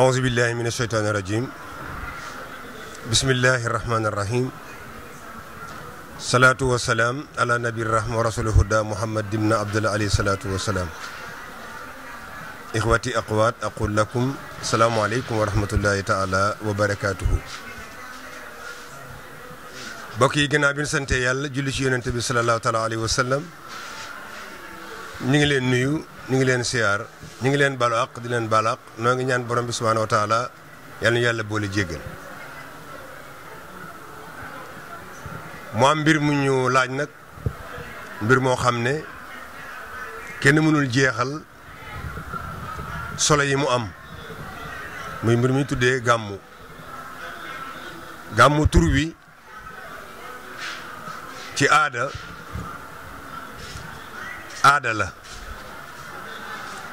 أعوذ بالله من الشيطان الرجيم بسم الله الرحمن الرحيم salaatu wasalaam ala nabi rahma wa rasulu huda muhammad dimna abdullah alayhi salaatu wasalaam ixwati aqwaat aqul lakum salaamualeykum wa rahmatullahi taala wa barakaatuhu bokk yi gannaaw bi ñu sante yàlla julli ci yonente bi salallahu taala alayhi wa sallam ñu ngi leen nuyu ñu ngi leen siyaar ñu ngi leen balu di leen balu noo ngi ñaan borom bi subhaanahu wa taala yal yàlla boole jéggal mu am mbir mu ñu laaj nag mbir moo xam ne kenn mënul jeexal solo yi mu am muy mbir mi tuddee gàmmu gàmmu tur wi ci aada aada la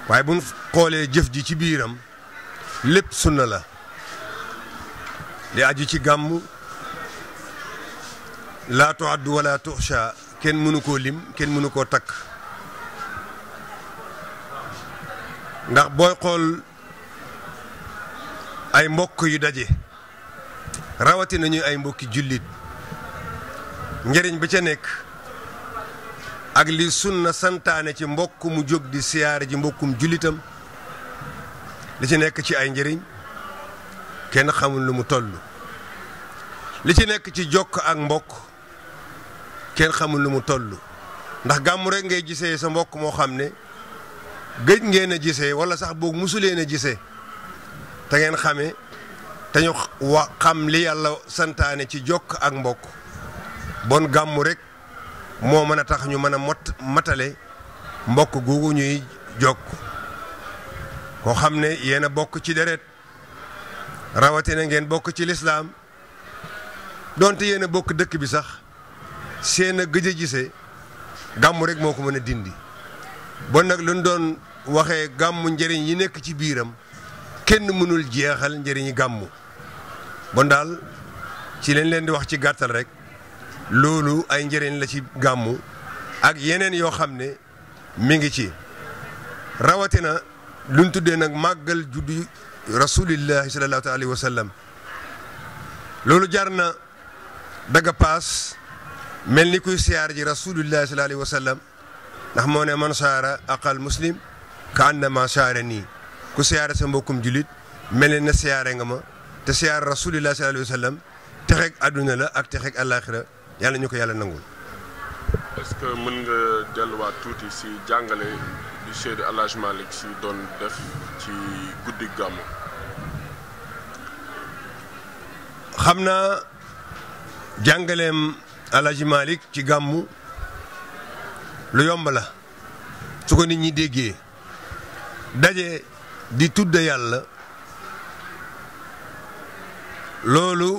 waaye bu ñu xoolee jëf ji ci biiram lépp sunna la li aju ci gàmm laa tuaddu wala tuxsha kenn mënu koo lim kenn mënu koo takk ndax booy xool ay mbokk yu daje rawati nañu ay mbokki jullit njëriñ ba ca nekk ak li sunna santaane ci mbokk mu jóg di siyaare ji mbokkum jullitam li ci nekk ci ay njëriñ kenn xamul lu mu toll li ci nekk ci jokk ak mbokk kenn xamul lu mu tollu ndax gàmmu rekk ngay gisee sa mbokk moo xam ne gëj ngeen a gisee wala sax boog leen a gise te ngeen xamee te ñu xam li yàlla santaane ci jokk ak mbokk bon gàmmu rek moo mën a tax ñu mën a mot matale mbokk googu ñuy jokk koo xam ne yéen a bokk ci deret rawatina ngeen bokk ci lislaam donte yéen a bokk dëkk bi sax seen a gëj a gisee gàmm rek moo ko mën a dindi bon nag lu ñu doon waxee gàmm njëriñ yi nekk ci biiram kenn mënul jeexal njëriñi gàmmu bon daal ci leen leen di wax ci gàttal rek loolu ay njëriñ la ci gàmmu ak yeneen yoo xam ne mi ngi ci rawatina luñ tuddee nag màggal juddi rasulillahi sallallahu alayhi loolu jar na daga paas mel ni kuy siyaar ji rasulillahi sallallahu alayhi wa ndax moo ne man saara aqal muslim ka annama saara nii ku siyaare sa mbokkum julit mel ne na siyaare nga ma te siyaar rasulillahi sallallahu alayhi wa sallam la ak texeeg àllaaxira yàlla ñu ko yàlla nangul. est que mën nga delluwaat tuuti si jàngale bi Seydi El Hadji Malick si doon def ci guddi gàmmu. xam naa jàngaleem El Hadji ci gàmmu lu yomb la su ko nit ñi déggee daje di tudd yàlla loolu.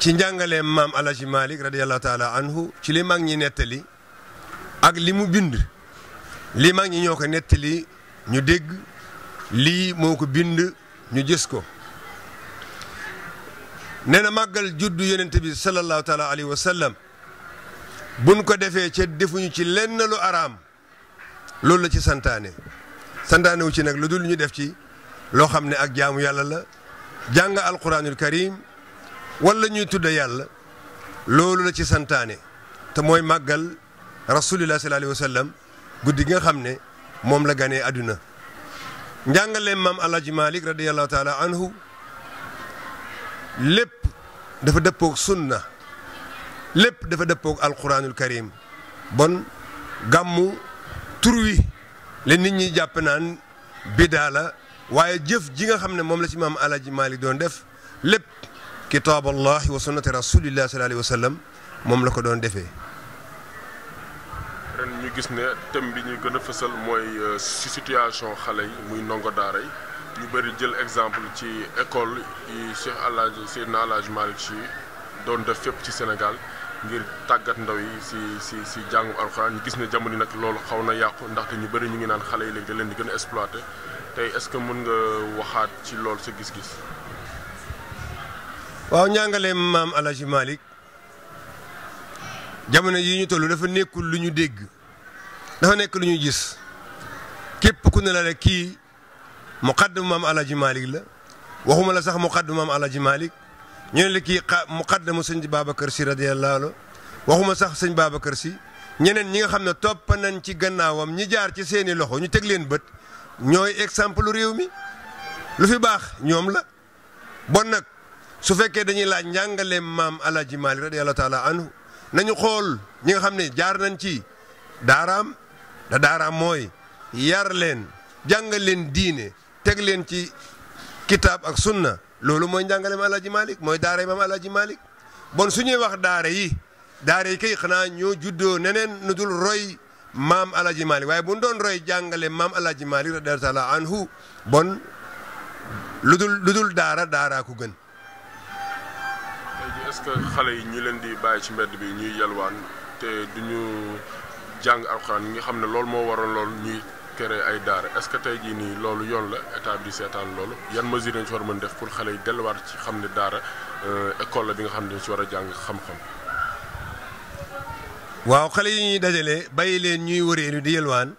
ci njàngaleem maam Alaji Malick radiyallahu taala anhu ci li mag ñi nettali ak li mu bind li mag ñi ñoo ko nettali ñu dégg lii moo ko bind ñu gis ko nee na màggal juddu yonent bi sallallahu taala alayhi wa sallam buñ ko defee ca defuñu ci lenn lu araam loolu la ci santaane santaane wu ci nag lu dul ñu def ci loo xam ne ak jaamu yàlla la jàng alquranul karim wala ñuy tudd yàlla loolu la ci santaane te mooy màggal rasulillah sallallahu alayhi wa guddi nga xam ne moom la ganee àdduna njàngaleem maam Alaaji Malik radiyallahu taala anhu lépp dafa dëppoog sunna lépp dafa dëppoog alquranul karim bon gàmmu turwi wi la nit ñi jàpp naan bidaa la waaye jëf ji nga xam ne moom la ci maam Alaaji Malik doon def lépp kitaaballahi wa sunnati rasulillahi sallallahu alayhi wa sallam moom la ko doon defee. ren ñu gis ne thème bi ñuy gën a fësal mooy si euh, situation xale yi muy ndongo daara yi ñu bëri jël exemple ci école yi Cheikh El Hadj si doon def fépp ci Sénégal ngir tàggat ndaw yi si si si jàngu alxuraan ñu gis ne jamono nag loolu xaw na yàqu ndaxte ñu bëri ñu ngi naan xale yi léegi da leen di gën a exploité tey est-ce que mën nga waxaat ci loolu sa gis-gis. waaw njàngaleem maam El malik Malick jamono yi ñu tollu dafa nekkul lu ñu dégg dafa nekk lu ñu gis képp ku ne la rek kii muqaddam maam El Hadj Malick la waxuma la sax muqaddam maam El Hadj Malick ñu ne la kii xa muqaddamu baaba Babacar si radiyallahu anhu waxuma sax sëñ Babacar si ñeneen ñi nga xam ne topp nañ ci gannaawam ñi jaar ci seeni loxo ñu teg leen bët ñooy exemple réew mi lu fi baax ñoom la bon nag. su fekkee dañuy laaj njàngaleem maam El Hadj Malick radiyallahu taala anhu nañu xool ñi nga xam ne jaar nañ ci daaraam da daaraam mooy yar leen jàngal leen diine teg leen ci kitaab ak sunna loolu mooy njàngaleem El Hadj mooy daara maam El Hadj bon su ñuy wax daara yi daara yi kay xanaa ñoo juddoo neneen nu dul roy maam El Hadj Malick waaye bu ñu doon roy jàngale maam El Hadj Malick radiyallahu taala anhu bon lu dul lu dul daara daaraa ku gën. est que xale yi ñu leen di bàyyi ci mbedd bi ñuy yalwaan te duñu jàng alxuraan yi nga xam ne loolu moo waroon loolu ñuy créer ay daara est-ce que tey jii nii loolu yoon la état bi di seetaan loolu yan mesure lañ ci war mën def pour xale yi delluwaat ci xam ne daara euh, école la bi nga xam ne dañ ci war a jàng xam waaw xale yi ñuy dajale bàyyi leen ñuy wëreelu di yalwaan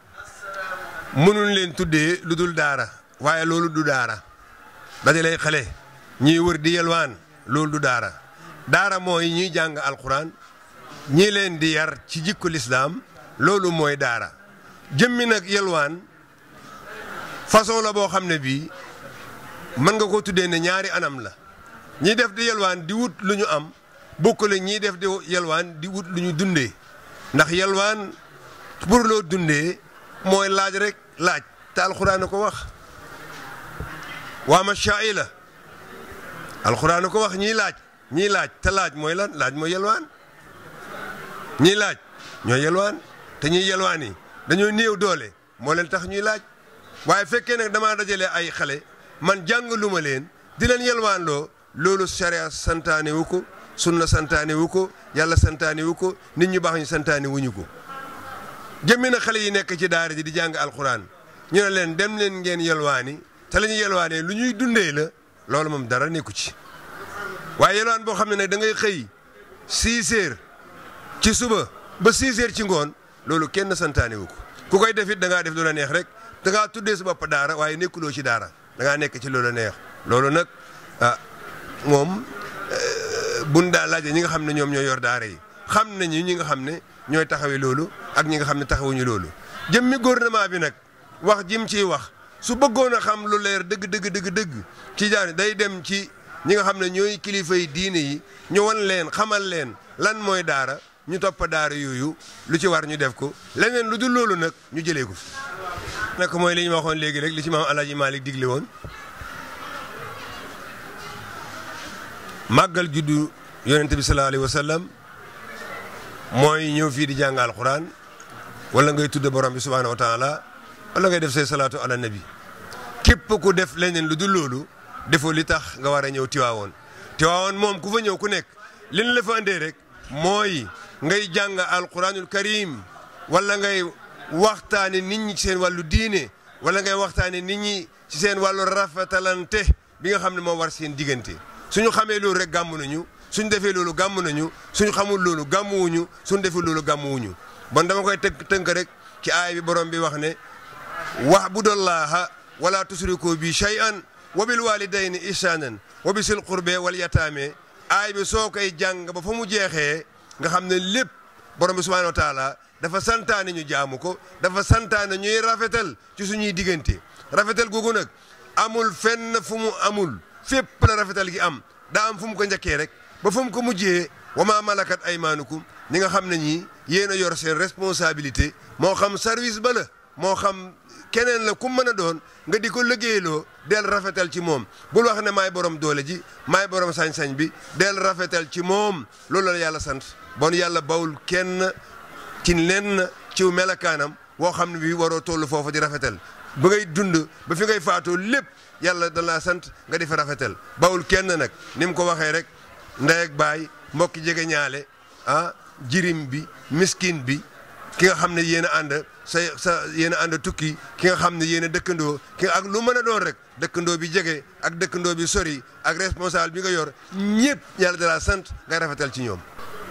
mënuñ leen tuddee lu dul daara waaye loolu du daara dajale xale ñuy wër di yalwaan loolu du daara. daara mooy ñuy jàng alxuraan ñi leen di yar ci jikko lislaam loolu mooy daara jëmmi nag yelwaan façon la boo xam ne bii mën nga ko tuddee ne ñaari anam la ñiy def di yelwaan di wut lu ñu am bokkule ñiy def di yelwaan di wut lu ñu dundee ndax yelwaan pour loo dundee mooy laaj rek laaj te alxuraan ko wax waa macha allah alxuraan ko wax ñiy laaj. ñii laaj te laaj mooy lan laaj mooy yelwaan ñii laaj ñoo yelwaan te ñuy yelwaan dañoo néew doole moo leen tax ñuy laaj waaye fekkee nag damaa dajale ay xale man jàng lu leen di leen yelwaan loo loolu sharia santaane wu ko sunna santaane wu ko yàlla santaane wu ko nit ñi baax ñu santaane wuñu ko jëmmi na xale yi nekk ci daar ji di jàng alxuraan ñu ne leen dem leen ngeen yelwaani te la ñuy yelwaanee lu ñuy dundee la loolu moom dara nekku ci waaye yelwaan boo xam ne nag dangay ngay xëy 6 heures ci suba ba 6 heures ci ngoon loolu kenn santaane wu ko ku koy def it da ngaa def loola neex rek da ngaa tuddee sa bopp daara waaye nekkuloo ci daara danga ngaa nekk ci loola neex loolu nag a ah, moom eh, buñ daa laajee ñi nga xam ne ñoom ñoo yor daara yi xam nañu ñi nga xam ne ñooy taxawee loolu ak ñi nga xam ne taxawuñu loolu jëmmi gouvernement bi nag wax jim ciy wax su bëggoon a xam lu leer dëgg dëgg ci jaar day dem ci. ñi nga xam ne ñooy kilifa yi diine yi ñu wan leen xamal leen lan mooy daara ñu topp daara yooyu lu ci war ñu def ko leneen lu dul loolu nag ñu jëlee ko fi. nag mooy li ñu waxoon léegi rek li ci maam El Hadj Malick digle woon màggal juddu yonent bi sallallahu alayhi mooy ñëw fii di jàng alxuraan wala ngay tudd borom bi subhaanahu wa taala wala def say salaatu ala nabi képp ku def leneen lu dul loolu. defoo li tax nga war a ñëw Tiwaawoon Tiwaawoon moom ku fa ñëw ku nekk li ñu la rek mooy ngay jàng alquranul karim wala ngay waxtaane nit ñi ci seen wàllu diine wala ngay waxtaane nit ñi ci seen wàllu rafetalante bi nga xam ne moo war seen diggante suñu xamee loolu rek gàmm nañu suñ defe loolu gàmm nañu suñu xamul loolu gàmmuwuñu suñ defee loolu gàmmuwuñu bon dama koy tënk tënk rek ci aay bi borom bi wax ne wax bu dollaaha wala tusriku bi shay'an wa bil walidayni ihsanan wa bisil qurbe wal yataame aay bi soo koy jàng ba fa mu jeexee nga xam ne lépp borom bi subhaanahu wa taala dafa santaane ñu jaamu ko dafa santaane ñuy rafetal ci suñuy diggante rafetal googu nag amul fenn fu mu amul fépp la rafetal gi am daa am fu mu ko njëkkee rek ba fu mu ko mujjee wa maa malakat aymaanukum ñi nga xam ne ñi yéen a yor seen responsabilité moo xam service ba moo xam keneen la ku mën a doon nga di ko liggéeyloo del rafetal ci moom bul wax ne maay borom doole ji maay borom sañ-sañ bi del rafetal ci moom loolu la yàlla sant bon yàlla bawul kenn ci lenn ciw melakaanam woo xam ne bi waroo toll foofu di rafetal ba ngay dund ba fi ngay faatoo lépp yàlla da laa sant nga di rafetal bawul kenn nag ni mu ko waxee rek ndey ak baay mbokki jege ñaale ah jirim bi miskin bi ki nga xam ne yéen a ànd sa sa yéen a tukki ki nga xam ne yéen a dëkkandoo ki ak lu mën a doon rek dëkkandoo bi jege ak dëkkandoo bi sori ak responsable bi nga yor ñëpp yàlla da sant nga rafetal ci ñoom.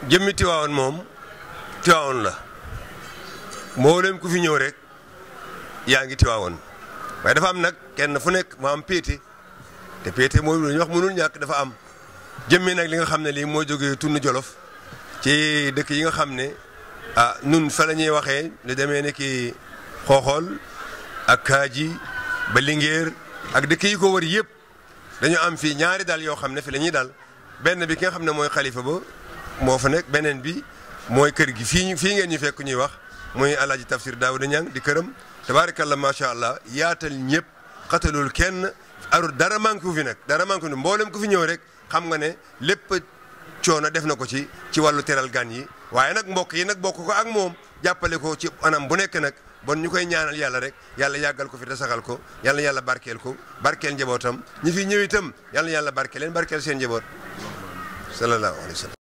jëmmi Tiwaawoon moom Tiwaawoon la leen ku fi ñëw rek yaa ngi Tiwaawoon waaye dafa am nag kenn fu nekk mu am péete te péete mooy lu ñuy ñàkk dafa am jëmmi nag li nga xam ne lii moo jógee tund Jolof ci dëkk yi nga xam ne. a ah, nun fa la ñuy waxee lu demee ne ki xooxool ak kaaji ba Linguère ak dëkk yi ko wër yëpp dañu am fii ñaari dal yoo xam ne fi la ñuy dal benn bi ki nga xam ne mooy xalifa ba moo fa nekk beneen bi mooy kër gi fii fii ngeen ñu fekk ñuy wax mooy alaaji tafsir daawuda ñang di këram tabaarakallah macha allah yaatal ñëpp xatalul kenn arul dara manque wu fi nekk dara manque wu mboolem ku fi ñëw rek xam nga ne lépp coono def na ko ci ci wàllu teral gan yi waaye nag mbokk yi nag bokk ko ak moom jàppale ko ci anam bu nekke nag bon ñu koy ñaanal yàlla rek yàlla yàggal ko fi tasaxal ko yàlla yàlla barkeel ko barkeel njabootam ñi fi ñëw itam yalla yàlla barkeel leen barkeel seen njaboot sallallahu alayhi sallam